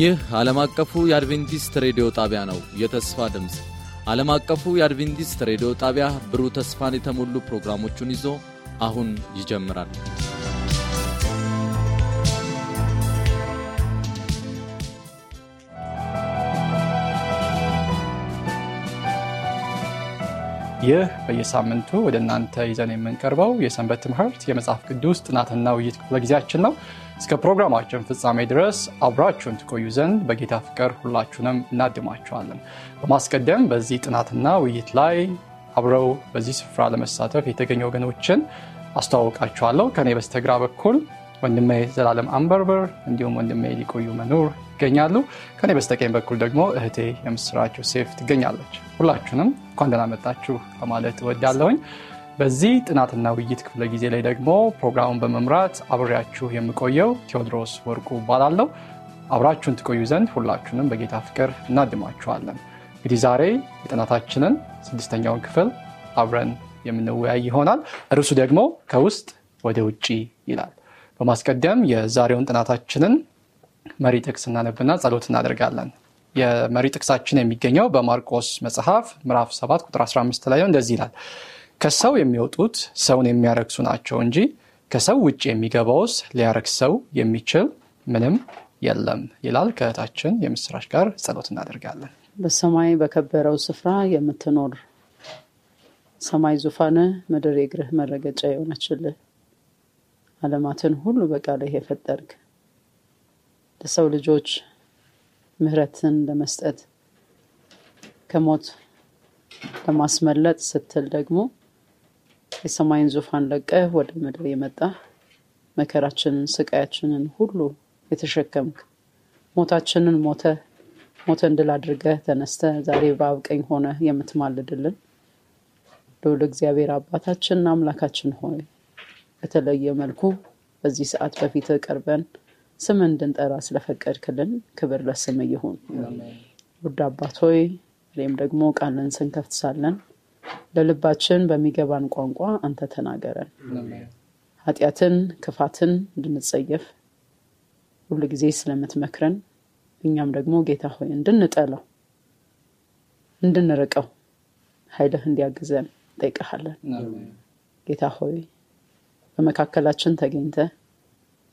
ይህ ዓለም አቀፉ የአድቬንቲስት ሬዲዮ ጣቢያ ነው። የተስፋ ድምፅ ዓለም አቀፉ የአድቬንቲስት ሬዲዮ ጣቢያ ብሩህ ተስፋን የተሞሉ ፕሮግራሞቹን ይዞ አሁን ይጀምራል። ይህ በየሳምንቱ ወደ እናንተ ይዘን የምንቀርበው የሰንበት ትምህርት የመጽሐፍ ቅዱስ ጥናትና ውይይት ክፍለ ጊዜያችን ነው። እስከ ፕሮግራማችን ፍጻሜ ድረስ አብራችሁን ትቆዩ ዘንድ በጌታ ፍቅር ሁላችሁንም እናድማችኋለን። በማስቀደም በዚህ ጥናትና ውይይት ላይ አብረው በዚህ ስፍራ ለመሳተፍ የተገኙ ወገኖችን አስተዋውቃችኋለሁ። ከኔ በስተግራ በኩል ወንድሜ ዘላለም አንበርበር እንዲሁም ወንድሜ ሊቆዩ መኖር ይገኛሉ። ከኔ በስተቀኝ በኩል ደግሞ እህቴ የምስራቸው ሴፍ ትገኛለች። ሁላችሁንም እንኳን መጣችሁ ለማለት እወዳለሁኝ። በዚህ ጥናትና ውይይት ክፍለ ጊዜ ላይ ደግሞ ፕሮግራሙን በመምራት አብሬያችሁ የምቆየው ቴዎድሮስ ወርቁ ባላለው አብራችሁን ትቆዩ ዘንድ ሁላችሁንም በጌታ ፍቅር እናድማችኋለን። እንግዲህ ዛሬ የጥናታችንን ስድስተኛውን ክፍል አብረን የምንወያይ ይሆናል። እርሱ ደግሞ ከውስጥ ወደ ውጭ ይላል። በማስቀደም የዛሬውን ጥናታችንን መሪ ጥቅስ እናነብና ጸሎት እናደርጋለን። የመሪ ጥቅሳችን የሚገኘው በማርቆስ መጽሐፍ ምዕራፍ 7 ቁጥር 15 ላይ እንደዚህ ይላል ከሰው የሚወጡት ሰውን የሚያረክሱ ናቸው እንጂ ከሰው ውጭ የሚገባውስ ሊያረክሰው የሚችል ምንም የለም ይላል። ከእህታችን የምስራች ጋር ጸሎት እናደርጋለን። በሰማይ በከበረው ስፍራ የምትኖር ሰማይ ዙፋን ምድር የእግርህ መረገጫ የሆነችልህ ዓለማትን ሁሉ በቃልህ የፈጠርክ ለሰው ልጆች ምሕረትን ለመስጠት ከሞት ለማስመለጥ ስትል ደግሞ የሰማይን ዙፋን ለቀህ ወደ ምድር የመጣ መከራችንን ስቃያችንን ሁሉ የተሸከምክ ሞታችንን ሞተ ሞተ እንድል አድርገ ተነስተ ዛሬ በአብቀኝ ሆነ የምትማልድልን ልዑል እግዚአብሔር አባታችንና አምላካችን ሆይ በተለየ መልኩ በዚህ ሰዓት በፊት ቀርበን ስም እንድንጠራ ስለፈቀድክልን ክብር ለስም ይሁን። ውድ አባት ሆይ እኔም ደግሞ ቃልን ስንከፍት ሳለን ለልባችን በሚገባን ቋንቋ አንተ ተናገረን። ኃጢአትን፣ ክፋትን እንድንጸየፍ ሁሉ ጊዜ ስለምትመክረን እኛም ደግሞ ጌታ ሆይ እንድንጠላው እንድንርቀው ኃይልህ እንዲያግዘን እንጠይቀሃለን። ጌታ ሆይ በመካከላችን ተገኝተ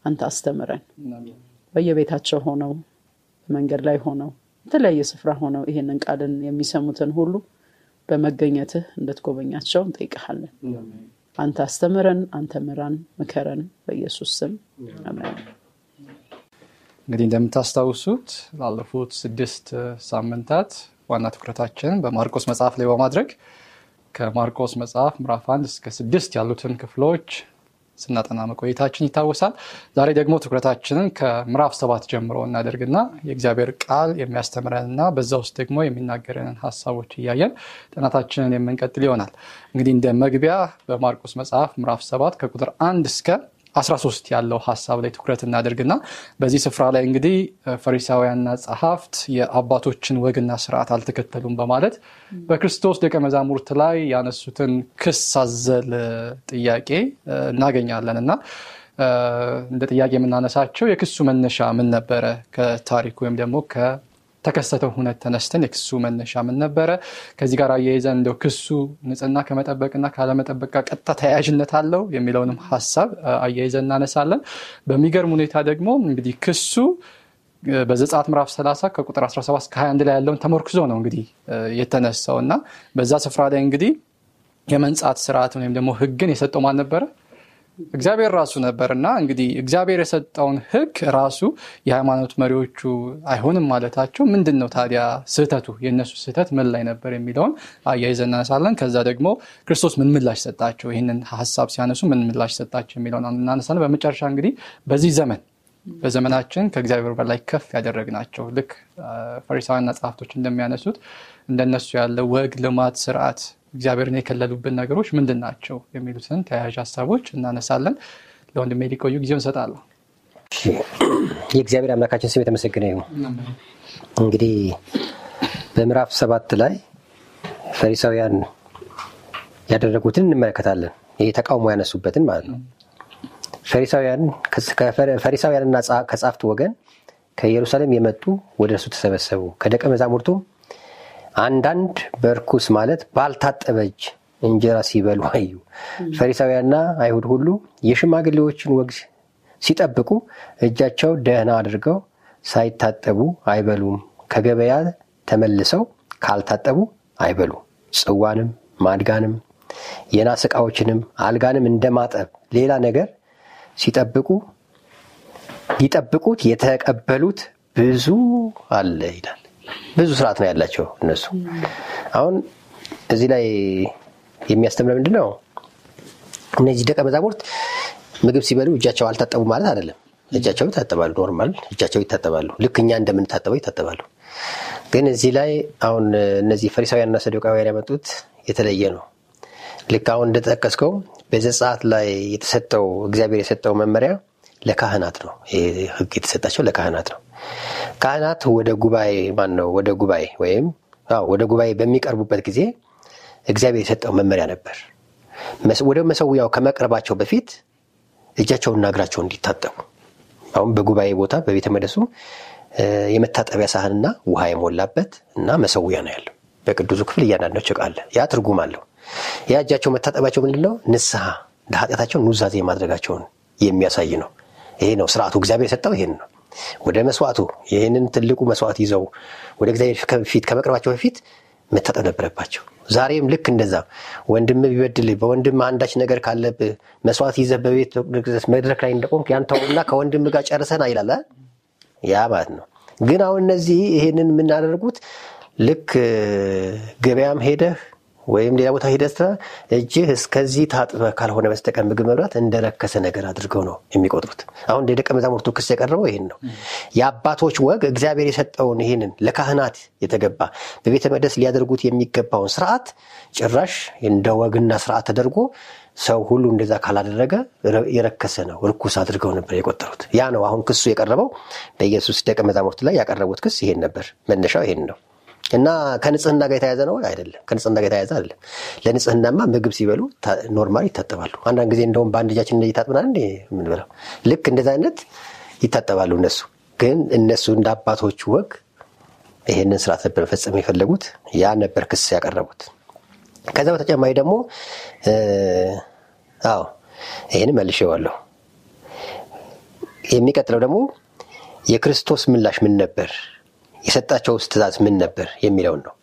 አንተ አስተምረን። በየቤታቸው ሆነው በመንገድ ላይ ሆነው የተለያየ ስፍራ ሆነው ይህንን ቃልን የሚሰሙትን ሁሉ በመገኘትህ እንድትጎበኛቸው እንጠይቀሃለን። አንተ አስተምረን፣ አንተ ምራን፣ ምከረን። በኢየሱስ ስም አሜን። እንግዲህ እንደምታስታውሱት ላለፉት ስድስት ሳምንታት ዋና ትኩረታችንን በማርቆስ መጽሐፍ ላይ በማድረግ ከማርቆስ መጽሐፍ ምራፍ አንድ እስከ ስድስት ያሉትን ክፍሎች ስናጠና መቆየታችን ይታወሳል። ዛሬ ደግሞ ትኩረታችንን ከምዕራፍ ሰባት ጀምሮ እናደርግና የእግዚአብሔር ቃል የሚያስተምረንና በዛ ውስጥ ደግሞ የሚናገረንን ሀሳቦች እያየን ጥናታችንን የምንቀጥል ይሆናል። እንግዲህ እንደ መግቢያ በማርቆስ መጽሐፍ ምዕራፍ ሰባት ከቁጥር አንድ እስከ 13 ያለው ሀሳብ ላይ ትኩረት እናደርግና በዚህ ስፍራ ላይ እንግዲህ ፈሪሳውያንና ጸሐፍት የአባቶችን ወግና ስርዓት አልተከተሉም በማለት በክርስቶስ ደቀ መዛሙርት ላይ ያነሱትን ክስ አዘል ጥያቄ እናገኛለን እና እንደ ጥያቄ የምናነሳቸው የክሱ መነሻ ምን ነበረ? ከታሪክ ወይም ደግሞ ተከሰተው ሁነት ተነስተን የክሱ መነሻ ምን ነበረ? ከዚህ ጋር አያይዘን እንደው ክሱ ንጽህና ከመጠበቅና ካለመጠበቅ ጋር ቀጥታ ተያያዥነት አለው የሚለውንም ሀሳብ አያይዘ እናነሳለን። በሚገርም ሁኔታ ደግሞ እንግዲህ ክሱ በዘጻት ምራፍ 30 ከቁጥር 17 ከ 21 ላይ ያለውን ተመርክዞ ነው እንግዲህ የተነሳው እና በዛ ስፍራ ላይ እንግዲህ የመንጻት ስርዓትን ወይም ደግሞ ህግን የሰጠው ማን ነበረ? እግዚአብሔር ራሱ ነበር እና እንግዲህ እግዚአብሔር የሰጠውን ህግ ራሱ የሃይማኖት መሪዎቹ አይሆንም ማለታቸው ምንድን ነው ታዲያ ስህተቱ? የእነሱ ስህተት ምን ላይ ነበር የሚለውን አያይዘን እናነሳለን። ከዛ ደግሞ ክርስቶስ ምን ምላሽ ሰጣቸው? ይህንን ሀሳብ ሲያነሱ ምን ምላሽ ሰጣቸው የሚለውን እናነሳለን። በመጨረሻ እንግዲህ በዚህ ዘመን በዘመናችን ከእግዚአብሔር በላይ ከፍ ያደረግ ናቸው ልክ ፈሪሳውያንና ጸሀፍቶች እንደሚያነሱት እንደነሱ ያለ ወግ፣ ልማት፣ ስርዓት እግዚአብሔርን የከለሉብን ነገሮች ምንድን ናቸው የሚሉትን ተያያዥ ሀሳቦች እናነሳለን። ለወንድሜ ሊቆዩ ጊዜው እንሰጣለሁ። የእግዚአብሔር አምላካችን ስም የተመሰግነ ይሁን። እንግዲህ በምዕራፍ ሰባት ላይ ፈሪሳውያን ያደረጉትን እንመለከታለን። ይህ ተቃውሞ ያነሱበትን ማለት ነው። ፈሪሳውያንና ከጻፍት ወገን ከኢየሩሳሌም የመጡ ወደ እርሱ ተሰበሰቡ። ከደቀ መዛሙርቱም አንዳንድ በርኩስ ማለት ባልታጠበ እጅ እንጀራ ሲበሉ አዩ። ፈሪሳውያንና አይሁድ ሁሉ የሽማግሌዎችን ወግ ሲጠብቁ እጃቸው ደህና አድርገው ሳይታጠቡ አይበሉም፣ ከገበያ ተመልሰው ካልታጠቡ አይበሉ። ጽዋንም ማድጋንም የናስ ዕቃዎችንም አልጋንም እንደማጠብ ሌላ ነገር ሲጠብቁ ሊጠብቁት የተቀበሉት ብዙ አለ ይላል። ብዙ ስርዓት ነው ያላቸው እነሱ። አሁን እዚህ ላይ የሚያስተምረ ምንድን ነው? እነዚህ ደቀ መዛሙርት ምግብ ሲበሉ እጃቸው አልታጠቡ ማለት አይደለም። እጃቸው ይታጠባሉ፣ ኖርማል እጃቸው ይታጠባሉ። ልክ እኛ እንደምንታጠበው ይታጠባሉ። ግን እዚህ ላይ አሁን እነዚህ ፈሪሳውያንና ሰዶቃውያን ያመጡት የተለየ ነው። ልክ አሁን እንደተጠቀስከው በዘጸአት ላይ የተሰጠው እግዚአብሔር የሰጠው መመሪያ ለካህናት ነው። ህግ የተሰጣቸው ለካህናት ነው። ካህናት ወደ ጉባኤ ማን ነው ወደ ጉባኤ ወይም ወደ ጉባኤ በሚቀርቡበት ጊዜ እግዚአብሔር የሰጠው መመሪያ ነበር። ወደ መሰዊያው ከመቅረባቸው በፊት እጃቸውንና እግራቸውን እንዲታጠቡ። አሁን በጉባኤ ቦታ በቤተ መደሱ የመታጠቢያ ሳህንና ውሃ የሞላበት እና መሰዊያ ነው ያለው። በቅዱሱ ክፍል እያንዳንዳቸው ጭቃ ያ ትርጉም አለው። ያ እጃቸው መታጠቢያቸው ምንድን ነው? ንስሐ ለኃጢአታቸውን ኑዛዜ ማድረጋቸውን የሚያሳይ ነው። ይሄ ነው ስርዓቱ። እግዚአብሔር የሰጠው ይሄን ነው። ወደ መስዋዕቱ ይህንን ትልቁ መስዋዕት ይዘው ወደ እግዚአብሔር ፊት ከመቅረባቸው በፊት መታጠብ ነበረባቸው። ዛሬም ልክ እንደዛ ወንድም ቢበድል በወንድም አንዳች ነገር ካለብ መስዋዕት ይዘህ በቤት መድረክ ላይ እንደቆም ያንተውና ከወንድም ጋር ጨርሰና ይላል ያ ማለት ነው። ግን አሁን እነዚህ ይህንን የምናደርጉት ልክ ገበያም ሄደህ ወይም ሌላ ቦታ ሄደህ ስራ እጅህ እስከዚህ ታጥበ ካልሆነ በስተቀር ምግብ መብላት እንደረከሰ ነገር አድርገው ነው የሚቆጥሩት። አሁን ደቀ መዛሙርቱ ክስ የቀረበው ይህን ነው። የአባቶች ወግ እግዚአብሔር የሰጠውን ይህንን ለካህናት የተገባ በቤተ መቅደስ ሊያደርጉት የሚገባውን ስርዓት ጭራሽ እንደ ወግና ስርዓት ተደርጎ ሰው ሁሉ እንደዛ ካላደረገ የረከሰ ነው፣ ርኩስ አድርገው ነበር የቆጠሩት። ያ ነው አሁን ክሱ የቀረበው በኢየሱስ ደቀ መዛሙርት ላይ ያቀረቡት ክስ ይሄን ነበር። መነሻው ይሄን ነው። እና ከንጽህና ጋር የተያዘ ነው አይደለም። ከንጽህና ጋር የተያዘ አይደለም። ለንጽህናማ ምግብ ሲበሉ ኖርማል ይታጠባሉ። አንዳንድ ጊዜ እንደውም በአንድ እጃችን እየታጥብናል እንደ የምንበላው ልክ እንደዚ አይነት ይታጠባሉ። እነሱ ግን እነሱ እንደ አባቶቹ ወግ ይህንን ስርዓት ነበር መፈጸም የፈለጉት። ያ ነበር ክስ ያቀረቡት። ከዛ በተጨማሪ ደግሞ አዎ ይህን መልሼዋለሁ። የሚቀጥለው ደግሞ የክርስቶስ ምላሽ ምን ነበር የሰጣቸውስ ትእዛዝ ምን ነበር የሚለውን ነው።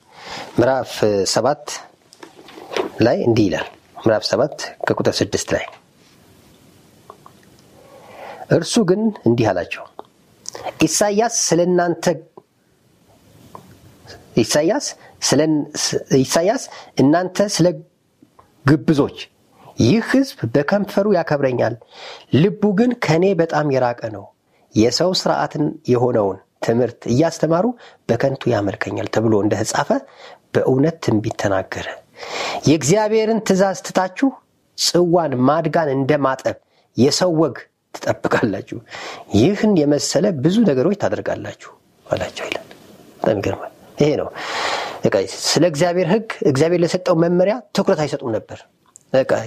ምዕራፍ ሰባት ላይ እንዲህ ይላል። ምዕራፍ ሰባት ከቁጥር ስድስት ላይ እርሱ ግን እንዲህ አላቸው ኢሳያስ ስለ እናንተ ኢሳያስ እናንተ ስለ ግብዞች ይህ ህዝብ በከንፈሩ ያከብረኛል፣ ልቡ ግን ከእኔ በጣም የራቀ ነው። የሰው ስርዓትን የሆነውን ትምህርት እያስተማሩ በከንቱ ያመልከኛል ተብሎ እንደተጻፈ በእውነት ትንቢት ተናገረ። የእግዚአብሔርን ትእዛዝ ትታችሁ ጽዋን ማድጋን እንደ ማጠብ የሰው ወግ ትጠብቃላችሁ፣ ይህን የመሰለ ብዙ ነገሮች ታደርጋላችሁ አላቸው ይላል። በጣም ይገርማል። ይሄ ነው ስለ እግዚአብሔር ሕግ እግዚአብሔር ለሰጠው መመሪያ ትኩረት አይሰጡም ነበር።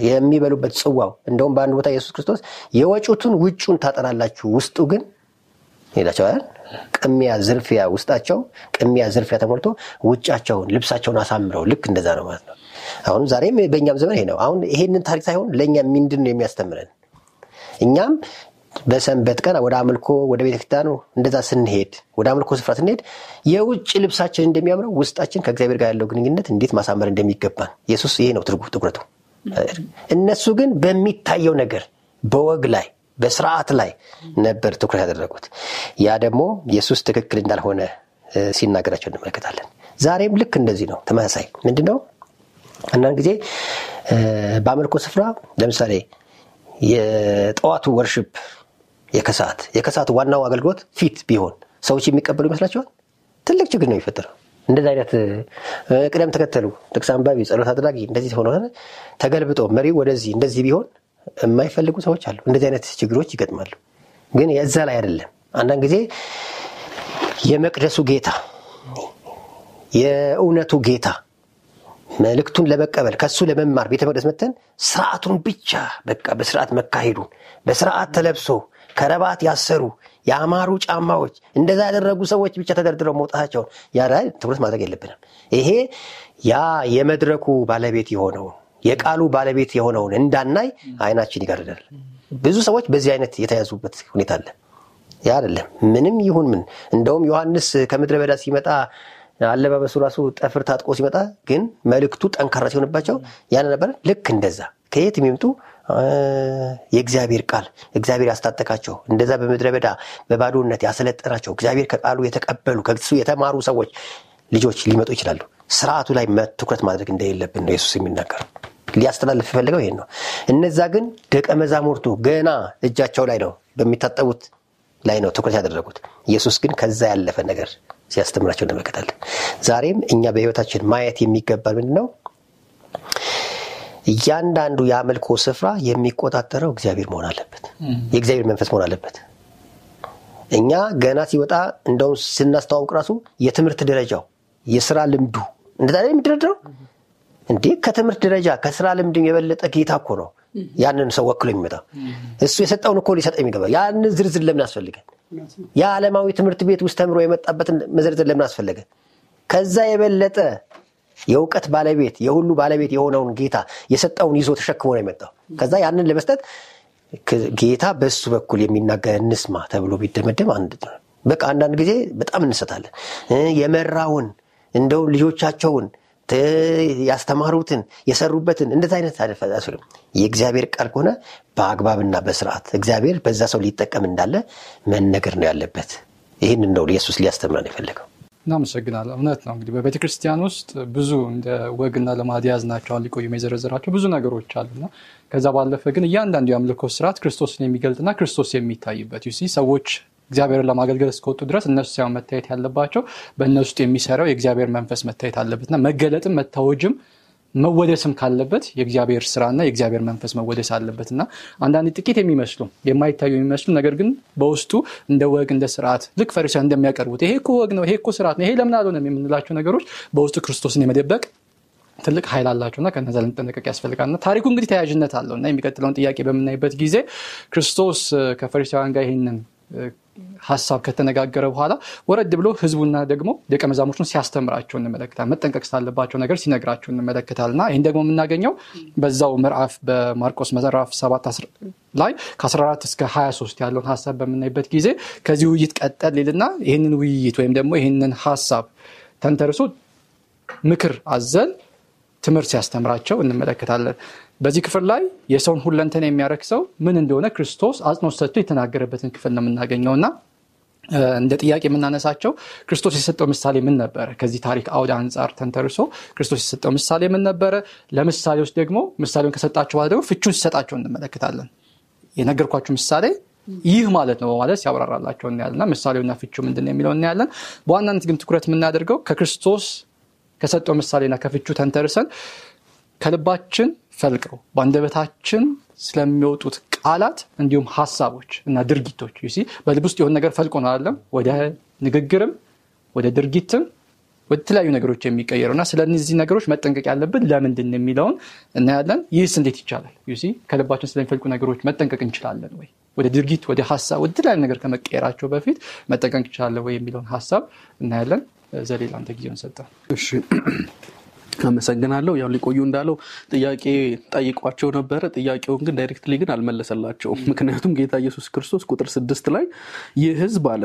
የሚበሉበት ጽዋው እንደውም በአንድ ቦታ ኢየሱስ ክርስቶስ የወጩቱን ውጩን ታጠናላችሁ ውስጡ ግን ይላቸዋል። ቅሚያ ዝርፊያ፣ ውስጣቸው ቅሚያ ዝርፊያ ተሞልቶ ውጫቸውን ልብሳቸውን አሳምረው ልክ እንደዛ ነው ማለት ነው። አሁንም ዛሬም በእኛም ዘመን ይሄ ነው። አሁን ይሄንን ታሪክ ሳይሆን ለእኛ ምንድን ነው የሚያስተምረን? እኛም በሰንበት ቀን ወደ አምልኮ ወደ ቤተክርስቲያኑ እንደዛ ስንሄድ ወደ አምልኮ ስፍራ ስንሄድ የውጭ ልብሳችን እንደሚያምረው ውስጣችን ከእግዚአብሔር ጋር ያለው ግንኙነት እንዴት ማሳመር እንደሚገባን ኢየሱስ ይሄ ነው ትርጉ ትኩረቱ። እነሱ ግን በሚታየው ነገር በወግ ላይ በስርዓት ላይ ነበር ትኩረት ያደረጉት። ያ ደግሞ ኢየሱስ ትክክል እንዳልሆነ ሲናገራቸው እንመለከታለን። ዛሬም ልክ እንደዚህ ነው። ተመሳሳይ ምንድን ነው? አንዳንድ ጊዜ በአምልኮ ስፍራ ለምሳሌ የጠዋቱ ወርሽፕ የከሰዓት የከሰዓት ዋናው አገልግሎት ፊት ቢሆን ሰዎች የሚቀበሉ ይመስላቸዋል። ትልቅ ችግር ነው የሚፈጠረው። እንደዚህ አይነት ቅደም ተከተሉ ጥቅስ አንባቢ፣ ጸሎት አድራጊ እንደዚህ ሆነ ተገልብጦ መሪው ወደዚህ እንደዚህ ቢሆን የማይፈልጉ ሰዎች አሉ። እንደዚህ አይነት ችግሮች ይገጥማሉ። ግን የዛ ላይ አይደለም። አንዳንድ ጊዜ የመቅደሱ ጌታ የእውነቱ ጌታ መልእክቱን ለመቀበል ከሱ ለመማር ቤተ መቅደስ መተን ስርዓቱን ብቻ በቃ በስርዓት መካሄዱን በስርዓት ተለብሶ ከረባት ያሰሩ ያማሩ ጫማዎች እንደዛ ያደረጉ ሰዎች ብቻ ተደርድረው መውጣታቸውን ያ ላይ ትኩረት ማድረግ የለብንም። ይሄ ያ የመድረኩ ባለቤት የሆነውን የቃሉ ባለቤት የሆነውን እንዳናይ አይናችን ይጋርዳል። ብዙ ሰዎች በዚህ አይነት የተያዙበት ሁኔታ አለ። ያ አይደለም ምንም ይሁን ምን። እንደውም ዮሐንስ ከምድረ በዳ ሲመጣ አለባበሱ ራሱ ጠፍር ታጥቆ ሲመጣ ግን መልእክቱ ጠንካራ ሲሆንባቸው ያን ነበር። ልክ እንደዛ ከየት የሚምጡ የእግዚአብሔር ቃል እግዚአብሔር ያስታጠቃቸው እንደዛ በምድረ በዳ በባዶነት ያሰለጠናቸው እግዚአብሔር ከቃሉ የተቀበሉ ከሱ የተማሩ ሰዎች ልጆች ሊመጡ ይችላሉ። ስርዓቱ ላይ ትኩረት ማድረግ እንደሌለብን ነው የሱስ የሚናገረው። ሊያስተላልፍ የፈለገው ይሄን ነው። እነዛ ግን ደቀ መዛሙርቱ ገና እጃቸው ላይ ነው በሚታጠቡት ላይ ነው ትኩረት ያደረጉት። ኢየሱስ ግን ከዛ ያለፈ ነገር ሲያስተምራቸው እንመለከታለን። ዛሬም እኛ በህይወታችን ማየት የሚገባል ምንድን ነው? እያንዳንዱ የአምልኮ ስፍራ የሚቆጣጠረው እግዚአብሔር መሆን አለበት። የእግዚአብሔር መንፈስ መሆን አለበት። እኛ ገና ሲወጣ እንደውም ስናስተዋውቅ ራሱ የትምህርት ደረጃው የስራ ልምዱ እንደዛ የሚደረድረው እንዴ ከትምህርት ደረጃ ከስራ ልምድም የበለጠ ጌታ እኮ ነው ያንን ሰው ወክሎ የሚመጣው እሱ የሰጠውን እኮ ሊሰጠ የሚገባ ያን ዝርዝር ለምን አስፈልገ የዓለማዊ ትምህርት ቤት ውስጥ ተምሮ የመጣበትን መዘርዘር ለምን አስፈለገ ከዛ የበለጠ የእውቀት ባለቤት የሁሉ ባለቤት የሆነውን ጌታ የሰጠውን ይዞ ተሸክሞ ነው የመጣው ከዛ ያንን ለመስጠት ጌታ በሱ በኩል የሚናገር እንስማ ተብሎ ቢደመደም አንድ በቃ አንዳንድ ጊዜ በጣም እንሰታለን የመራውን እንደውም ልጆቻቸውን ያስተማሩትን የሰሩበትን እንደዚ አይነት አደፈሱ የእግዚአብሔር ቃል ከሆነ በአግባብና በስርዓት እግዚአብሔር በዛ ሰው ሊጠቀም እንዳለ መነገር ነው ያለበት። ይህን ነው ኢየሱስ ሊያስተምረን የፈለገው። እናመሰግናለ እውነት ነው እንግዲህ በቤተ ክርስቲያን ውስጥ ብዙ እንደ ወግና ልማድ የያዝናቸው ሊቆዩ የዘረዘራቸው ብዙ ነገሮች አሉና ከዛ ባለፈ ግን እያንዳንዱ የአምልኮ ስርዓት ክርስቶስን የሚገልጥና ክርስቶስ የሚታይበት ዩ ሰዎች እግዚአብሔርን ለማገልገል እስከወጡ ድረስ እነሱ ሳይሆን መታየት ያለባቸው በእነሱ ውስጥ የሚሰራው የእግዚአብሔር መንፈስ መታየት አለበትና መገለጥም መታወጅም መወደስም ካለበት የእግዚአብሔር ስራና የእግዚአብሔር መንፈስ መወደስ አለበት እና አንዳንድ ጥቂት የሚመስሉ የማይታዩ የሚመስሉ ነገር ግን በውስጡ እንደ ወግ እንደ ስርዓት ልክ ፈሪሳ እንደሚያቀርቡት ይሄ እኮ ወግ ነው፣ ይሄ እኮ ስርዓት ነው፣ ይሄ ለምን አልሆነም የምንላቸው ነገሮች በውስጡ ክርስቶስን የመደበቅ ትልቅ ኃይል አላቸውና ከነዛ ልንጠነቀቅ ያስፈልጋልና ታሪኩ እንግዲህ አለው እና የሚቀጥለውን ጥያቄ በምናይበት ጊዜ ክርስቶስ ከፈሪሳውያን ጋር ይህንን ሀሳብ ከተነጋገረ በኋላ ወረድ ብሎ ህዝቡና ደግሞ ደቀ መዛሙርቱን ሲያስተምራቸው እንመለከታል። መጠንቀቅ ሳለባቸው ነገር ሲነግራቸው እንመለከታል እና ይህን ደግሞ የምናገኘው በዛው ምዕራፍ በማርቆስ ምዕራፍ 7 ላይ ከ14 እስከ 23 ያለውን ሀሳብ በምናይበት ጊዜ ከዚህ ውይይት ቀጠል ይልና ይህንን ውይይት ወይም ደግሞ ይህንን ሀሳብ ተንተርሶ ምክር አዘል ትምህርት ሲያስተምራቸው እንመለከታለን። በዚህ ክፍል ላይ የሰውን ሁለንተን የሚያረክሰው ምን እንደሆነ ክርስቶስ አጽንኦት ሰጥቶ የተናገረበትን ክፍል ነው የምናገኘውና እንደ ጥያቄ የምናነሳቸው ክርስቶስ የሰጠው ምሳሌ ምን ነበረ? ከዚህ ታሪክ አውድ አንጻር ተንተርሶ ክርስቶስ የሰጠው ምሳሌ ምን ነበረ? ለምሳሌ ውስጥ ደግሞ ምሳሌውን ከሰጣቸው በኋላ ደግሞ ፍቹን ሲሰጣቸው እንመለከታለን። የነገርኳቸው ምሳሌ ይህ ማለት ነው በማለት ሲያብራራላቸው እናያለንና ምሳሌውና ፍቹ ምንድን የሚለው እናያለን። በዋናነት ግን ትኩረት የምናደርገው ከክርስቶስ ከሰጠው ምሳሌና ከፍቹ ተንተርሰን ከልባችን ፈልቀው በአንደበታችን ስለሚወጡት ቃላት እንዲሁም ሀሳቦች እና ድርጊቶች ዩ በልብ ውስጥ የሆነ ነገር ፈልቆ ነው አለም ወደ ንግግርም ወደ ድርጊትም ወደ ተለያዩ ነገሮች የሚቀየሩ እና ስለነዚህ ነገሮች መጠንቀቅ ያለብን ለምንድን የሚለውን እናያለን። ይህስ እንዴት ይቻላል? ከልባችን ስለሚፈልቁ ነገሮች መጠንቀቅ እንችላለን ወይ? ወደ ድርጊት፣ ወደ ሀሳብ፣ ወደ ተለያዩ ነገር ከመቀየራቸው በፊት መጠንቀቅ እንችላለን ወይ የሚለውን ሀሳብ እናያለን። ዘሌላ አንተ ጊዜውን ሰጠ። አመሰግናለሁ። ያው ሊቆዩ እንዳለው ጥያቄ ጠይቋቸው ነበረ። ጥያቄውን ግን ዳይሬክትሊ ግን አልመለሰላቸውም። ምክንያቱም ጌታ ኢየሱስ ክርስቶስ ቁጥር ስድስት ላይ ይህ ህዝብ አለ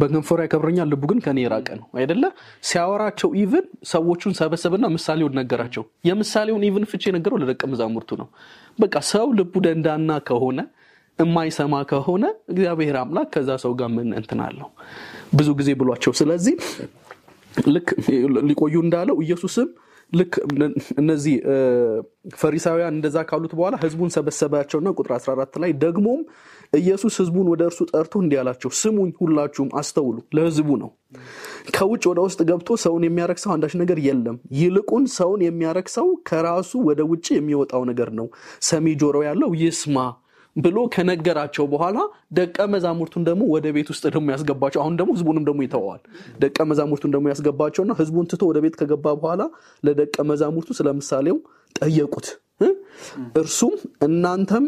በከንፈሩ ያከብረኛል፣ ልቡ ግን ከኔ የራቀ ነው አይደለ? ሲያወራቸው ኢቭን ሰዎቹን ሰበሰብና ምሳሌውን ነገራቸው። የምሳሌውን ኢቭን ፍቼ ነገረው ለደቀ መዛሙርቱ ነው። በቃ ሰው ልቡ ደንዳና ከሆነ የማይሰማ ከሆነ እግዚአብሔር አምላክ ከዛ ሰው ጋር ምን እንትን አለው ብዙ ጊዜ ብሏቸው። ስለዚህ ልክ ሊቆዩ እንዳለው ኢየሱስም ልክ እነዚህ ፈሪሳውያን እንደዛ ካሉት በኋላ ህዝቡን ሰበሰባቸውና ቁጥር 14 ላይ ደግሞም ኢየሱስ ህዝቡን ወደ እርሱ ጠርቶ እንዲህ አላቸው፣ ስሙኝ ሁላችሁም አስተውሉ። ለህዝቡ ነው። ከውጭ ወደ ውስጥ ገብቶ ሰውን የሚያረክሰው አንዳች ነገር የለም። ይልቁን ሰውን የሚያረክሰው ከራሱ ወደ ውጭ የሚወጣው ነገር ነው። ሰሚ ጆሮ ያለው ይስማ ብሎ ከነገራቸው በኋላ ደቀ መዛሙርቱን ደግሞ ወደ ቤት ውስጥ ደግሞ ያስገባቸው። አሁን ደግሞ ህዝቡንም ደግሞ ይተዋዋል ደቀ መዛሙርቱን ደግሞ ያስገባቸው ያስገባቸውና ህዝቡን ትቶ ወደ ቤት ከገባ በኋላ ለደቀ መዛሙርቱ ስለምሳሌው ጠየቁት። እርሱም እናንተም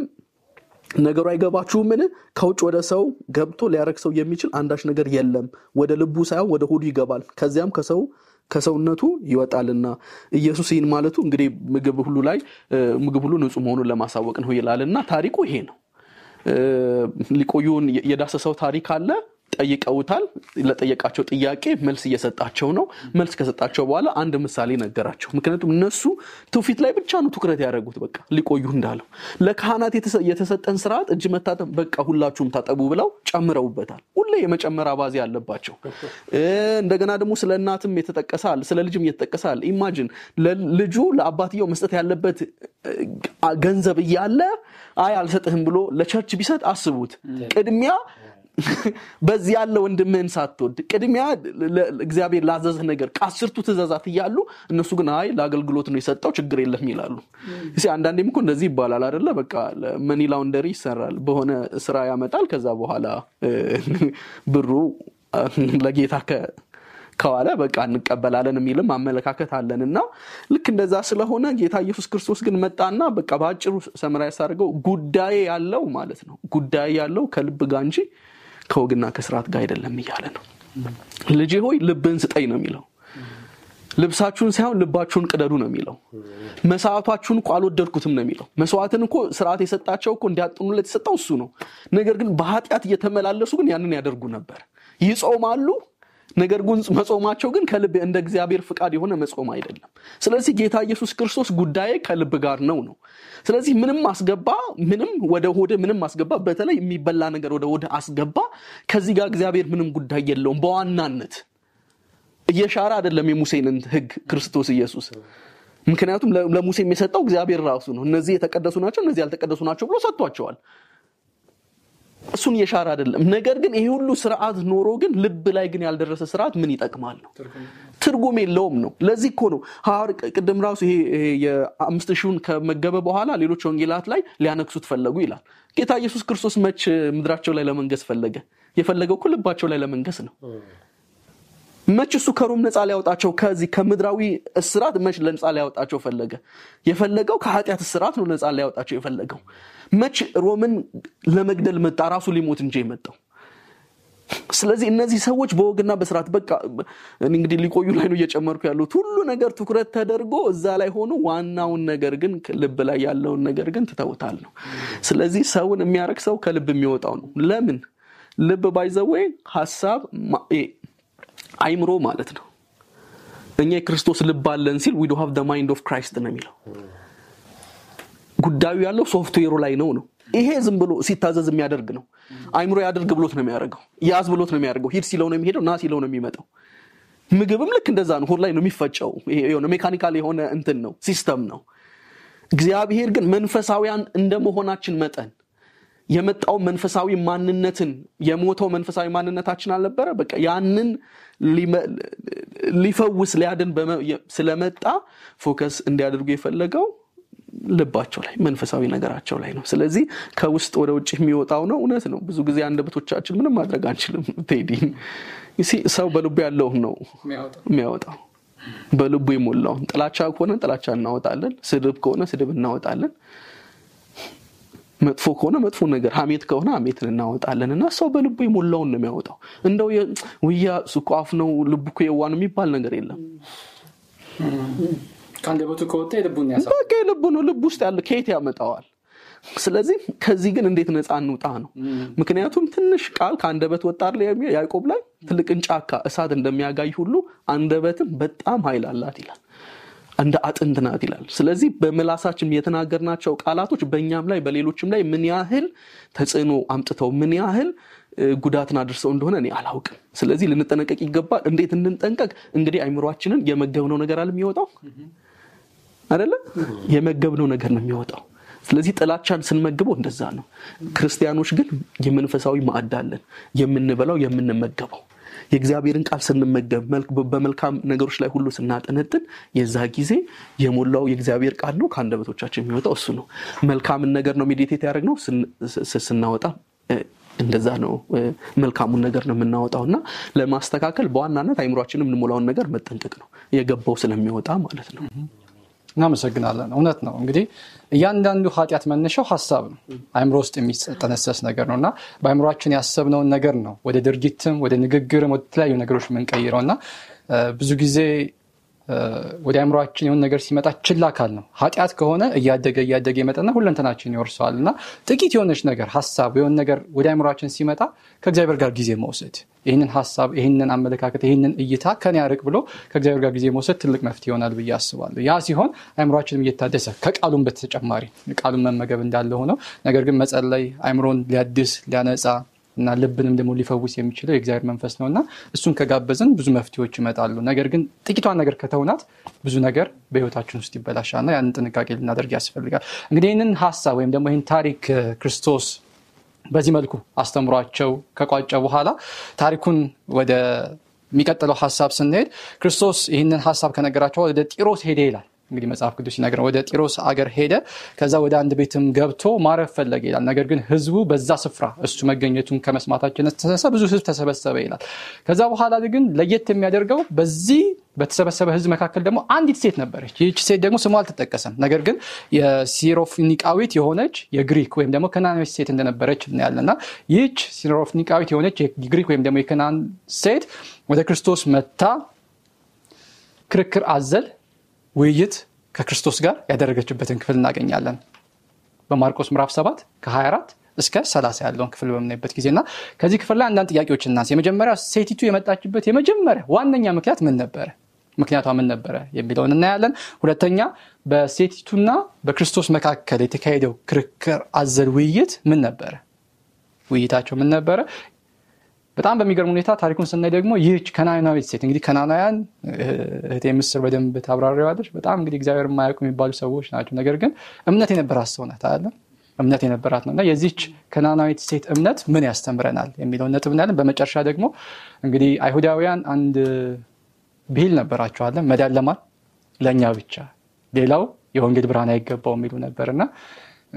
ነገሩ አይገባችሁምን? ከውጭ ወደ ሰው ገብቶ ሊያረግ ሰው የሚችል አንዳች ነገር የለም፣ ወደ ልቡ ሳይሆን ወደ ሆዱ ይገባል፣ ከዚያም ከሰው ከሰውነቱ ይወጣልና ኢየሱስ ይህን ማለቱ እንግዲህ ምግብ ሁሉ ላይ ምግብ ሁሉ ንጹህ መሆኑን ለማሳወቅ ነው ይላልና ታሪኩ ይሄ ነው። ሊቆዩን የዳሰሰው ታሪክ አለ ጠይቀውታል። ለጠየቃቸው ጥያቄ መልስ እየሰጣቸው ነው። መልስ ከሰጣቸው በኋላ አንድ ምሳሌ ነገራቸው። ምክንያቱም እነሱ ትውፊት ላይ ብቻ ነው ትኩረት ያደረጉት። በቃ ሊቆዩ እንዳለው ለካህናት የተሰጠን ስርዓት እጅ መታጠብ፣ በቃ ሁላችሁም ታጠቡ ብለው ጨምረውበታል። ሁሌ የመጨመር አባዜ አለባቸው። እንደገና ደግሞ ስለ እናትም የተጠቀሳል፣ ስለ ልጅም የተጠቀሳል። ኢማጅን ልጁ ለአባትየው መስጠት ያለበት ገንዘብ እያለ አይ አልሰጥህም ብሎ ለቸርች ቢሰጥ አስቡት ቅድሚያ በዚህ ያለ ወንድምህን ሳትወድ ቅድሚያ እግዚአብሔር ላዘዝህ ነገር ከአስርቱ ትእዛዛት እያሉ እነሱ ግን አይ ለአገልግሎት ነው የሰጠው ችግር የለም ይላሉ። እስኪ አንዳንዴም እኮ እንደዚህ ይባላል አደለ በቃ መኒ ላውንደሪ ይሰራል። በሆነ ስራ ያመጣል። ከዛ በኋላ ብሩ ለጌታ ከዋለ በቃ እንቀበላለን የሚልም አመለካከት አለን እና ልክ እንደዛ ስለሆነ ጌታ ኢየሱስ ክርስቶስ ግን መጣና በቃ በአጭሩ ሰምራ አድርገው ጉዳይ ያለው ማለት ነው ጉዳይ ያለው ከልብ ጋር እንጂ ከወግና ከስርዓት ጋር አይደለም እያለ ነው። ልጄ ሆይ ልብን ስጠኝ ነው የሚለው። ልብሳችሁን ሳይሆን ልባችሁን ቅደዱ ነው የሚለው። መስዋዕቷችሁን እኮ አልወደድኩትም ነው የሚለው። መስዋዕትን እኮ ስርዓት የሰጣቸው እኮ እንዲያጥኑለት የሰጠው እሱ ነው። ነገር ግን በኃጢአት እየተመላለሱ ግን ያንን ያደርጉ ነበር። ይጾማሉ፣ ነገር ግን መጾማቸው ግን ከልብ እንደ እግዚአብሔር ፍቃድ የሆነ መጾም አይደለም። ስለዚህ ጌታ ኢየሱስ ክርስቶስ ጉዳዬ ከልብ ጋር ነው ነው። ስለዚህ ምንም አስገባ፣ ምንም ወደ ሆደ ምንም አስገባ፣ በተለይ የሚበላ ነገር ወደ ሆደ አስገባ፣ ከዚህ ጋር እግዚአብሔር ምንም ጉዳይ የለውም። በዋናነት እየሻረ አይደለም የሙሴንን ህግ ክርስቶስ ኢየሱስ ምክንያቱም ለሙሴ የሚሰጠው እግዚአብሔር ራሱ ነው። እነዚህ የተቀደሱ ናቸው፣ እነዚህ ያልተቀደሱ ናቸው ብሎ ሰጥቷቸዋል። እሱን እየሻረ አይደለም። ነገር ግን ይሄ ሁሉ ስርዓት ኖሮ ግን ልብ ላይ ግን ያልደረሰ ስርዓት ምን ይጠቅማል ነው፣ ትርጉም የለውም ነው። ለዚህ እኮ ነው ሐዋር ቅድም ራሱ ይሄ የአምስት ሺውን ከመገበ በኋላ ሌሎች ወንጌላት ላይ ሊያነክሱት ፈለጉ ይላል። ጌታ ኢየሱስ ክርስቶስ መች ምድራቸው ላይ ለመንገስ ፈለገ? የፈለገው እኮ ልባቸው ላይ ለመንገስ ነው። መች እሱ ከሮም ነፃ ሊያወጣቸው ከዚህ ከምድራዊ እስራት መች ለነፃ ሊያወጣቸው ፈለገ? የፈለገው ከኃጢአት እስራት ነው ነፃ ሊያወጣቸው የፈለገው። መች ሮምን ለመግደል መጣ? ራሱ ሊሞት እንጂ የመጣው። ስለዚህ እነዚህ ሰዎች በወግና በስርዓት በቃ እንግዲህ ሊቆዩ ላይ ነው እየጨመርኩ ያሉት። ሁሉ ነገር ትኩረት ተደርጎ እዛ ላይ ሆኖ ዋናውን ነገር ግን ልብ ላይ ያለውን ነገር ግን ትተውታል ነው። ስለዚህ ሰውን የሚያረግ ሰው ከልብ የሚወጣው ነው። ለምን ልብ ባይዘወይ ሀሳብ አይምሮ ማለት ነው እኛ የክርስቶስ ልብ አለን ሲል ዊ ሀቭ ማይንድ ኦፍ ክራይስት ነው የሚለው ጉዳዩ ያለው ሶፍትዌሩ ላይ ነው ነው ይሄ ዝም ብሎ ሲታዘዝ የሚያደርግ ነው አይምሮ ያደርግ ብሎት ነው የሚያደርገው ያዝ ብሎት ነው የሚያደርገው ሂድ ሲለው ነው የሚሄደው ና ሲለው ነው የሚመጣው ምግብም ልክ እንደዛ ነው ሆድ ላይ ነው የሚፈጨው የሆነ ሜካኒካል የሆነ እንትን ነው ሲስተም ነው እግዚአብሔር ግን መንፈሳዊያን እንደመሆናችን መጠን የመጣው መንፈሳዊ ማንነትን የሞተው መንፈሳዊ ማንነታችን አልነበረ። በቃ ያንን ሊፈውስ ሊያድን ስለመጣ ፎከስ እንዲያደርጉ የፈለገው ልባቸው ላይ መንፈሳዊ ነገራቸው ላይ ነው። ስለዚህ ከውስጥ ወደ ውጭ የሚወጣው ነው። እውነት ነው። ብዙ ጊዜ አንደበቶቻችን ምንም ማድረግ አንችልም። ቴዲ ሰው በልቡ ያለውን ነው የሚያወጣው። በልቡ የሞላውን ጥላቻ ከሆነ ጥላቻ እናወጣለን፣ ስድብ ከሆነ ስድብ እናወጣለን። መጥፎ ከሆነ መጥፎ ነገር፣ ሀሜት ከሆነ ሀሜትን እናወጣለን እና ሰው በልቡ የሞላውን ነው የሚያወጣው። እንደው ውያ ሱኮ አፍ ነው ልቡ የዋን የሚባል ነገር የለም። ከአንደበቱ ከወጣ በቃ የልቡ ነው። ልብ ውስጥ ያለ ከየት ያመጣዋል? ስለዚህ ከዚህ ግን እንዴት ነፃ እንውጣ ነው። ምክንያቱም ትንሽ ቃል ከአንደበት ወጣር ያዕቆብ ላይ ትልቅን ጫካ እሳት እንደሚያጋይ ሁሉ አንደበትም በጣም ሀይል አላት ይላል። እንደ አጥንት ናት ይላል። ስለዚህ በምላሳችን የተናገርናቸው ቃላቶች በእኛም ላይ በሌሎችም ላይ ምን ያህል ተጽዕኖ አምጥተው ምን ያህል ጉዳትን አድርሰው እንደሆነ እኔ አላውቅም። ስለዚህ ልንጠነቀቅ ይገባል። እንዴት እንድንጠንቀቅ? እንግዲህ አይምሯችንን የመገብነው ነገር አለ የሚወጣው አይደለ? የመገብነው ነገር ነው የሚወጣው። ስለዚህ ጥላቻን ስንመግበው እንደዛ ነው። ክርስቲያኖች ግን የመንፈሳዊ ማዕድ አለን የምንበላው የምንመገበው የእግዚአብሔርን ቃል ስንመገብ በመልካም ነገሮች ላይ ሁሉ ስናጠነጥን የዛ ጊዜ የሞላው የእግዚአብሔር ቃል ነው ከአንድ በቶቻችን የሚወጣው እሱ ነው። መልካምን ነገር ነው ሜዲቴት ያደረግነው ስናወጣ እንደዛ ነው። መልካሙን ነገር ነው የምናወጣው እና ለማስተካከል በዋናነት አይምሯችን የምንሞላውን ነገር መጠንቀቅ ነው የገባው ስለሚወጣ ማለት ነው። እናመሰግናለን። እውነት ነው እንግዲህ እያንዳንዱ ኃጢአት መነሻው ሀሳብ ነው። አይምሮ ውስጥ የሚጠነሰስ ነገር ነው እና በአይምሮችን ያሰብነውን ነገር ነው ወደ ድርጊትም ወደ ንግግርም ወደ ተለያዩ ነገሮች የምንቀይረው እና ብዙ ጊዜ ወደ አእምሯችን የሆን ነገር ሲመጣ ችላ አካል ነው። ኃጢአት ከሆነ እያደገ እያደገ ይመጣና ሁለንተናችን ይወርሰዋል እና ጥቂት የሆነች ነገር ሀሳብ፣ የሆን ነገር ወደ አእምሯችን ሲመጣ ከእግዚአብሔር ጋር ጊዜ መውሰድ፣ ይህንን ሀሳብ፣ ይህንን አመለካከት፣ ይህንን እይታ ከን ያርቅ ብሎ ከእግዚአብሔር ጋር ጊዜ መውሰድ ትልቅ መፍትሄ ይሆናል ብዬ አስባለሁ። ያ ሲሆን አእምሯችንም እየታደሰ ከቃሉም በተጨማሪ ቃሉን መመገብ እንዳለ ሆነው ነገር ግን መጸለይ አእምሮን ሊያድስ ሊያነጻ እና ልብንም ደግሞ ሊፈውስ የሚችለው የእግዚአብሔር መንፈስ ነው እና እሱን ከጋበዝን ብዙ መፍትሄዎች ይመጣሉ። ነገር ግን ጥቂቷን ነገር ከተውናት ብዙ ነገር በህይወታችን ውስጥ ይበላሻል ና ያንን ጥንቃቄ ልናደርግ ያስፈልጋል። እንግዲህ ይህንን ሀሳብ ወይም ደግሞ ይህን ታሪክ ክርስቶስ በዚህ መልኩ አስተምሯቸው ከቋጨ በኋላ ታሪኩን ወደ የሚቀጥለው ሀሳብ ስንሄድ ክርስቶስ ይህንን ሀሳብ ከነገራቸው ወደ ጢሮስ ሄደ ይላል እንግዲህ መጽሐፍ ቅዱስ ሲናገር ወደ ጢሮስ አገር ሄደ። ከዛ ወደ አንድ ቤትም ገብቶ ማረፍ ፈለገ ይላል። ነገር ግን ህዝቡ በዛ ስፍራ እሱ መገኘቱን ከመስማታችን ተሰሰ ብዙ ህዝብ ተሰበሰበ ይላል። ከዛ በኋላ ግን ለየት የሚያደርገው በዚህ በተሰበሰበ ህዝብ መካከል ደግሞ አንዲት ሴት ነበረች። ይህች ሴት ደግሞ ስሙ አልተጠቀሰም። ነገር ግን የሲሮፍኒቃዊት የሆነች የግሪክ ወይም ደግሞ ከናናዊት ሴት እንደነበረች እናያለና ይህች ሲሮፍኒቃዊት የሆነች የግሪክ ወይም ደግሞ የከናን ሴት ወደ ክርስቶስ መታ ክርክር አዘል ውይይት ከክርስቶስ ጋር ያደረገችበትን ክፍል እናገኛለን። በማርቆስ ምራፍ 7 ከ24 እስከ 30 ያለውን ክፍል በምናይበት ጊዜና ከዚህ ክፍል ላይ አንዳንድ ጥያቄዎች እናስ የመጀመሪያ ሴቲቱ የመጣችበት የመጀመሪያ ዋነኛ ምክንያት ምን ነበረ? ምክንያቷ ምን ነበረ የሚለውን እናያለን። ሁለተኛ በሴቲቱና በክርስቶስ መካከል የተካሄደው ክርክር አዘል ውይይት ምን ነበረ? ውይይታቸው ምን ነበረ? በጣም በሚገርም ሁኔታ ታሪኩን ስናይ ደግሞ ይህች ከናናዊት ሴት እንግዲህ ከናናያን እህቴ ምስር በደንብ ታብራሪዋለች። በጣም እንግዲህ እግዚአብሔር የማያውቁ የሚባሉ ሰዎች ናቸው። ነገር ግን እምነት የነበራት ሰው ናት አለ እምነት የነበራት ነው እና የዚች ከናናዊት ሴት እምነት ምን ያስተምረናል የሚለውን ነጥብ እናያለን። በመጨረሻ ደግሞ እንግዲህ አይሁዳውያን አንድ ብሂል ነበራቸዋለን መዳን ለማን ለእኛ ብቻ ሌላው የወንጌል ብርሃን አይገባው የሚሉ ነበር እና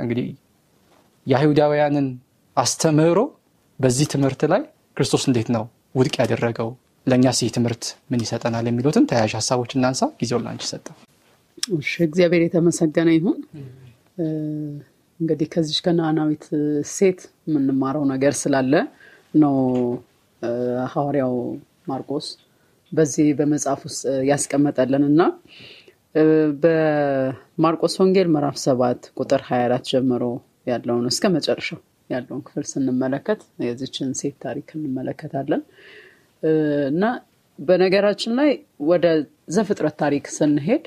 እንግዲህ የአይሁዳውያንን አስተምህሮ በዚህ ትምህርት ላይ ክርስቶስ እንዴት ነው ውድቅ ያደረገው? ለእኛ ሲህ ትምህርት ምን ይሰጠናል? የሚሉትን ተያዥ ሀሳቦች እናንሳ። ጊዜው ላንቺ ሰጠ። እግዚአብሔር የተመሰገነ ይሁን። እንግዲህ ከዚች ከነአናዊት ሴት የምንማረው ነገር ስላለ ነው ሐዋርያው ማርቆስ በዚህ በመጽሐፍ ውስጥ ያስቀመጠልን እና በማርቆስ ወንጌል ምዕራፍ ሰባት ቁጥር 24 ጀምሮ ያለውን እስከ መጨረሻው ያለውን ክፍል ስንመለከት የዚችን ሴት ታሪክ እንመለከታለን እና በነገራችን ላይ ወደ ዘፍጥረት ታሪክ ስንሄድ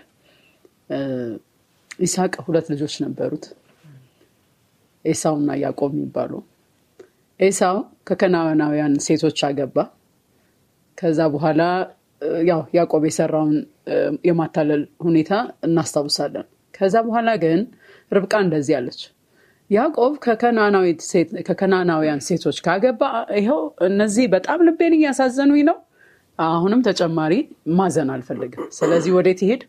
ይስሐቅ ሁለት ልጆች ነበሩት፣ እና ያዕቆብ የሚባሉ። ኤሳው ከከናናውያን ሴቶች አገባ። ከዛ በኋላ ያው ያዕቆብ የሰራውን የማታለል ሁኔታ እናስታውሳለን። ከዛ በኋላ ግን ርብቃ እንደዚህ አለች፣ ያዕቆብ ከከናናውያን ሴቶች ካገባ ይኸው እነዚህ በጣም ልቤን እያሳዘኑኝ ነው። አሁንም ተጨማሪ ማዘን አልፈልግም። ስለዚህ ወዴት ይሄድ?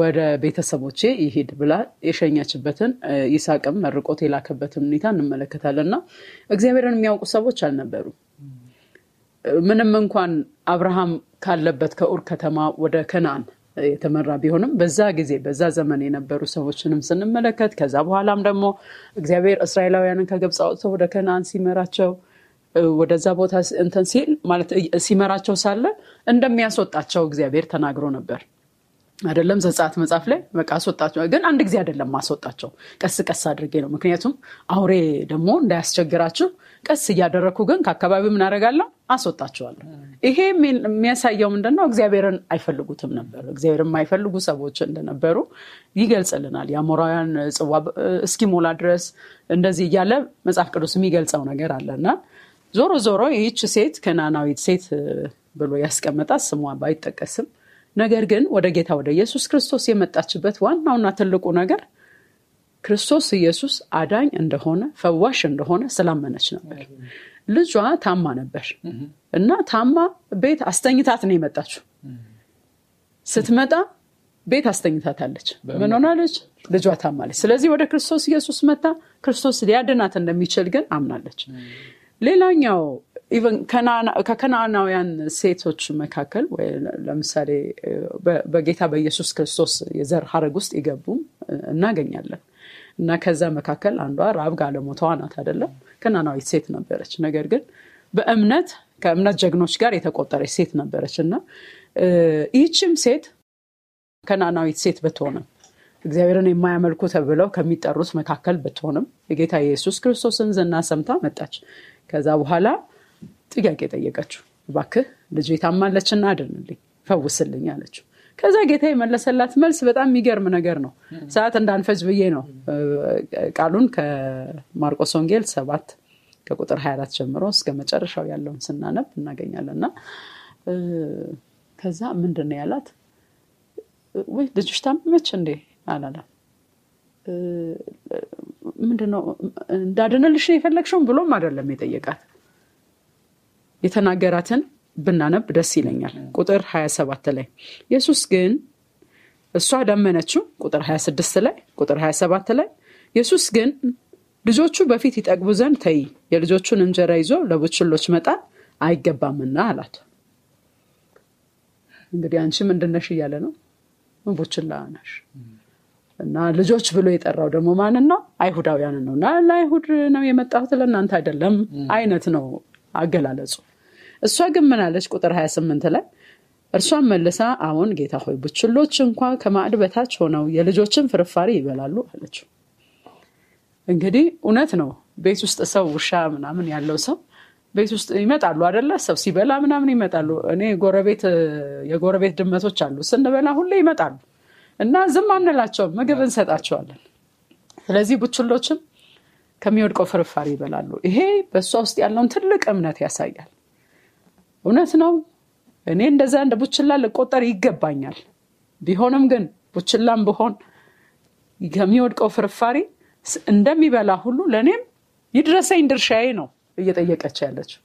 ወደ ቤተሰቦቼ ይሄድ ብላ የሸኛችበትን ይሳቅም መርቆት የላከበትን ሁኔታ እንመለከታለን። ና እግዚአብሔርን የሚያውቁ ሰዎች አልነበሩ ምንም እንኳን አብርሃም ካለበት ከኡር ከተማ ወደ ከነአን የተመራ ቢሆንም በዛ ጊዜ በዛ ዘመን የነበሩ ሰዎችንም ስንመለከት ከዛ በኋላም ደግሞ እግዚአብሔር እስራኤላውያንን ከግብፅ አውጥቶ ወደ ከነአን ሲመራቸው ወደዛ ቦታ እንትን ሲል ማለት ሲመራቸው ሳለ እንደሚያስወጣቸው እግዚአብሔር ተናግሮ ነበር። አይደለም ዘጻት መጽሐፍ ላይ በቃ አስወጣቸው፣ ግን አንድ ጊዜ አይደለም ማስወጣቸው፣ ቀስ ቀስ አድርጌ ነው። ምክንያቱም አውሬ ደግሞ እንዳያስቸግራችሁ ቀስ እያደረግኩ ግን ከአካባቢው ምን አደርጋለሁ አስወጣቸዋለሁ። ይሄ የሚያሳየው ምንድነው እግዚአብሔርን አይፈልጉትም ነበሩ። እግዚአብሔር የማይፈልጉ ሰዎች እንደነበሩ ይገልጽልናል። የአሞራውያን ጽዋ እስኪሞላ ድረስ እንደዚህ እያለ መጽሐፍ ቅዱስ የሚገልጸው ነገር አለና ዞሮ ዞሮ ይህች ሴት ከናናዊት ሴት ብሎ ያስቀመጣት ስሟ ባይጠቀስም ነገር ግን ወደ ጌታ ወደ ኢየሱስ ክርስቶስ የመጣችበት ዋናውና ትልቁ ነገር ክርስቶስ ኢየሱስ አዳኝ እንደሆነ ፈዋሽ እንደሆነ ስላመነች ነበር። ልጇ ታማ ነበር እና ታማ ቤት አስተኝታት ነው የመጣችው። ስትመጣ ቤት አስተኝታታለች። ምን ሆናለች? ልጇ ታማለች። ስለዚህ ወደ ክርስቶስ ኢየሱስ መታ ክርስቶስ ሊያድናት እንደሚችል ግን አምናለች። ሌላኛው ከከናናውያን ሴቶች መካከል ለምሳሌ በጌታ በኢየሱስ ክርስቶስ የዘር ሀረግ ውስጥ ይገቡም እናገኛለን። እና ከዛ መካከል አንዷ ራብ ጋለሞታዋ ናት አደለም ከናናዊት ሴት ነበረች። ነገር ግን በእምነት ከእምነት ጀግኖች ጋር የተቆጠረች ሴት ነበረች እና ይህችም ሴት ከናናዊት ሴት ብትሆንም እግዚአብሔርን የማያመልኩ ተብለው ከሚጠሩት መካከል ብትሆንም የጌታ ኢየሱስ ክርስቶስን ዝና ሰምታ መጣች። ከዛ በኋላ ጥያቄ ጠየቀችው። እባክህ ልጅ ታማለችና አድንልኝ፣ ፈውስልኝ አለችው። ከዛ ጌታ የመለሰላት መልስ በጣም የሚገርም ነገር ነው። ሰዓት እንዳንፈጅ ብዬ ነው ቃሉን ከማርቆስ ወንጌል ሰባት ከቁጥር 24 ጀምሮ እስከ መጨረሻው ያለውን ስናነብ እናገኛለን እና ከዛ ምንድን ነው ያላት? ወይ ልጆች ታመመች እንዴ አላለም። ምንድነው እንዳድንልሽ የፈለግሽውን ብሎም አይደለም የጠየቃት የተናገራትን ብናነብ ደስ ይለኛል። ቁጥር 27 ላይ ኢየሱስ ግን እሷ ዳመነችው። ቁጥር 26 ላይ ቁጥር 27 ላይ ኢየሱስ ግን ልጆቹ በፊት ይጠግቡ ዘንድ ተይ፣ የልጆቹን እንጀራ ይዞ ለቡችሎች መጣን አይገባምና አላት። እንግዲህ አንቺ ምንድነሽ እያለ ነው። ቡችላ ነሽ እና ልጆች ብሎ የጠራው ደግሞ ማንን ነው? አይሁዳውያንን ነው። እና ለአይሁድ ነው የመጣሁት ለእናንተ አይደለም አይነት ነው አገላለጹ። እሷ ግን ምናለች? ቁጥር 28 ላይ እርሷን መልሳ አሁን ጌታ ሆይ ቡችሎች እንኳ ከማዕድ በታች ሆነው የልጆችን ፍርፋሪ ይበላሉ አለችው። እንግዲህ እውነት ነው። ቤት ውስጥ ሰው ውሻ ምናምን ያለው ሰው ቤት ውስጥ ይመጣሉ አደለ? ሰው ሲበላ ምናምን ይመጣሉ። እኔ ጎረቤት የጎረቤት ድመቶች አሉ። ስንበላ ሁሌ ይመጣሉ እና ዝም አንላቸውም፣ ምግብ እንሰጣቸዋለን። ስለዚህ ቡችሎችም ከሚወድቀው ፍርፋሪ ይበላሉ። ይሄ በእሷ ውስጥ ያለውን ትልቅ እምነት ያሳያል። እውነት ነው። እኔ እንደዛ እንደ ቡችላ ልቆጠር ይገባኛል። ቢሆንም ግን ቡችላም ብሆን ከሚወድቀው ፍርፋሪ እንደሚበላ ሁሉ ለእኔም ይድረሰኝ ድርሻዬ ነው እየጠየቀች ያለችው።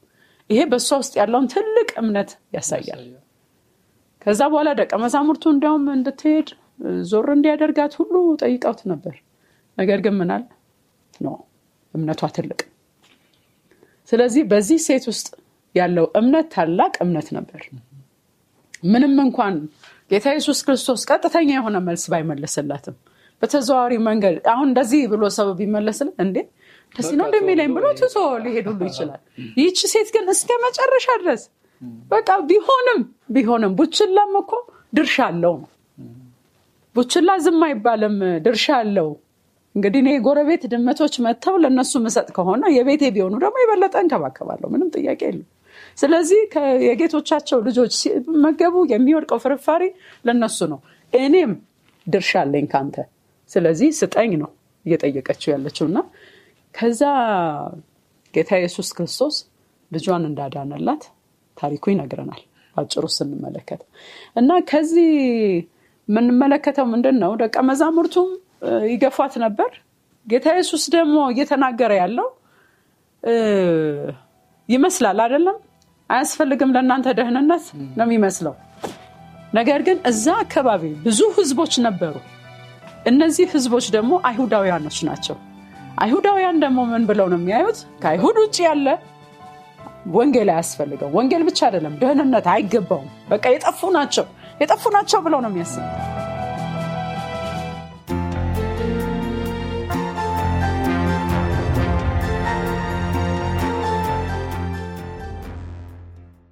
ይሄ በእሷ ውስጥ ያለውን ትልቅ እምነት ያሳያል። ከዛ በኋላ ደቀ መዛሙርቱ እንዲያውም እንድትሄድ ዞር እንዲያደርጋት ሁሉ ጠይቀውት ነበር። ነገር ግን ምናል ነው እምነቷ ትልቅ። ስለዚህ በዚህ ሴት ውስጥ ያለው እምነት ታላቅ እምነት ነበር። ምንም እንኳን ጌታ ኢየሱስ ክርስቶስ ቀጥተኛ የሆነ መልስ ባይመለስላትም በተዘዋዋሪ መንገድ አሁን እንደዚህ ብሎ ሰው ቢመለስል እንዴ ደስ ነው እንደሚለኝ ብሎ ትቶ ሊሄድ ይችላል። ይቺ ሴት ግን እስከ መጨረሻ ድረስ በቃ ቢሆንም ቢሆንም ቡችላም እኮ ድርሻ አለው ነው ቡችላ ዝም አይባልም፣ ድርሻ አለው። እንግዲህ እኔ ጎረቤት ድመቶች መጥተው ለእነሱ ምሰጥ ከሆነ የቤቴ ቢሆኑ ደግሞ የበለጠ እንከባከባለሁ። ምንም ጥያቄ የለም። ስለዚህ የጌቶቻቸው ልጆች ሲመገቡ የሚወድቀው ፍርፋሪ ለነሱ ነው። እኔም ድርሻ አለኝ ካንተ፣ ስለዚህ ስጠኝ ነው እየጠየቀችው ያለችው እና ከዛ ጌታ ኢየሱስ ክርስቶስ ልጇን እንዳዳነላት ታሪኩ ይነግረናል። ባጭሩ ስንመለከት እና ከዚህ የምንመለከተው ምንድን ነው? ደቀ መዛሙርቱም ይገፏት ነበር። ጌታ ኢየሱስ ደግሞ እየተናገረ ያለው ይመስላል አይደለም አያስፈልግም ለእናንተ ደህንነት ነው የሚመስለው። ነገር ግን እዛ አካባቢ ብዙ ህዝቦች ነበሩ። እነዚህ ህዝቦች ደግሞ አይሁዳውያኖች ናቸው። አይሁዳውያን ደግሞ ምን ብለው ነው የሚያዩት? ከአይሁድ ውጭ ያለ ወንጌል አያስፈልገው። ወንጌል ብቻ አይደለም፣ ደህንነት አይገባውም። በቃ የጠፉ ናቸው የጠፉ ናቸው ብለው ነው የሚያስብ